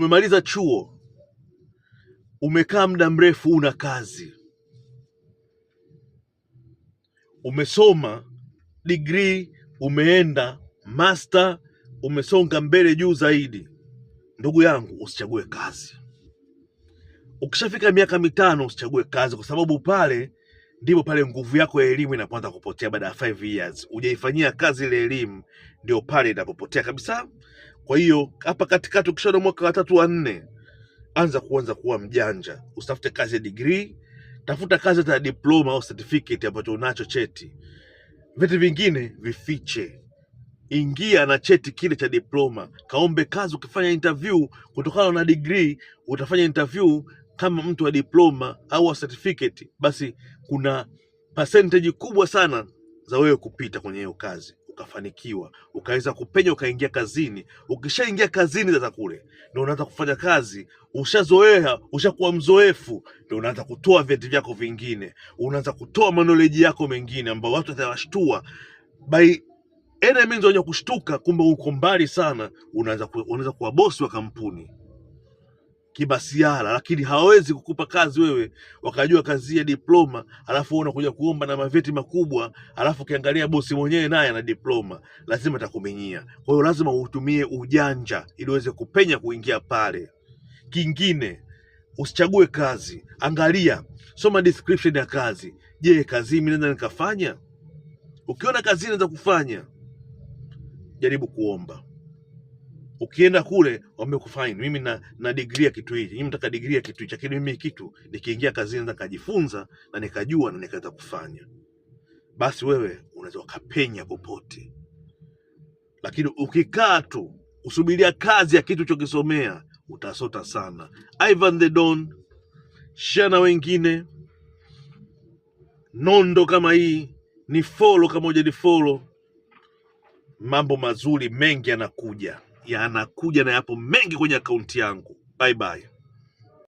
umemaliza chuo, umekaa muda mrefu, una kazi, umesoma digrii, umeenda master, umesonga mbele juu zaidi, ndugu yangu, usichague kazi. Ukishafika miaka mitano, usichague kazi, kwa sababu pale ndipo pale nguvu yako ya elimu inapoanza kupotea. Baada ya 5 years hujaifanyia kazi ile elimu, ndio pale inapopotea kabisa. Kwa hiyo hapa katikati, ukishaona mwaka wa tatu wa nne, anza kuanza kuwa mjanja, usitafute kazi ya degree, tafuta kazi ya diploma au certificate ambacho unacho cheti. Vitu vingine vifiche, ingia na cheti kile cha diploma, kaombe kazi. Ukifanya interview kutokana na degree, utafanya interview kama mtu wa diploma au wa certificate, basi kuna percentage kubwa sana za wewe kupita kwenye hiyo kazi ukafanikiwa ukaweza kupenya ukaingia kazini. Ukishaingia kazini sasa, kule ndio unaanza kufanya kazi, ushazoea, ushakuwa mzoefu, ndio unaanza kutoa vyeti vyako vingine, unaanza kutoa manoleji yako mengine ambao watu watawashtua by enemy wenye kushtuka, kumbe uko mbali sana, unaanza kuwa bosi wa kampuni kimasiara, lakini hawawezi kukupa kazi wewe wakajua kazi ya diploma, alafu unakuja kuomba na maveti makubwa, alafu ukiangalia bosi mwenyewe naye ana diploma, lazima atakuminyia. Kwa hiyo lazima utumie ujanja ili uweze kupenya kuingia pale. Kingine, usichague kazi, angalia, soma description ya kazi. Je, kazi hii mimi naweza nikafanya? Ukiona kazi inaweza kufanya, jaribu kuomba ukienda kule wamekufaini. Mimi na, na degree ya kitu hichi, mimi nataka degree ya kitu hichi, lakini mimi kitu nikiingia kazini nikajifunza na nikajua na nikaweza kufanya, basi wewe unaweza ukapenya popote. Lakini ukikaa tu usubiria kazi ya kitu chokisomea utasota sana. Ivan the Don, share na wengine. Nondo kama hii ni folo, kama ni folo, mambo mazuri mengi yanakuja yanakuja na yapo mengi kwenye akaunti yangu. Bye bye.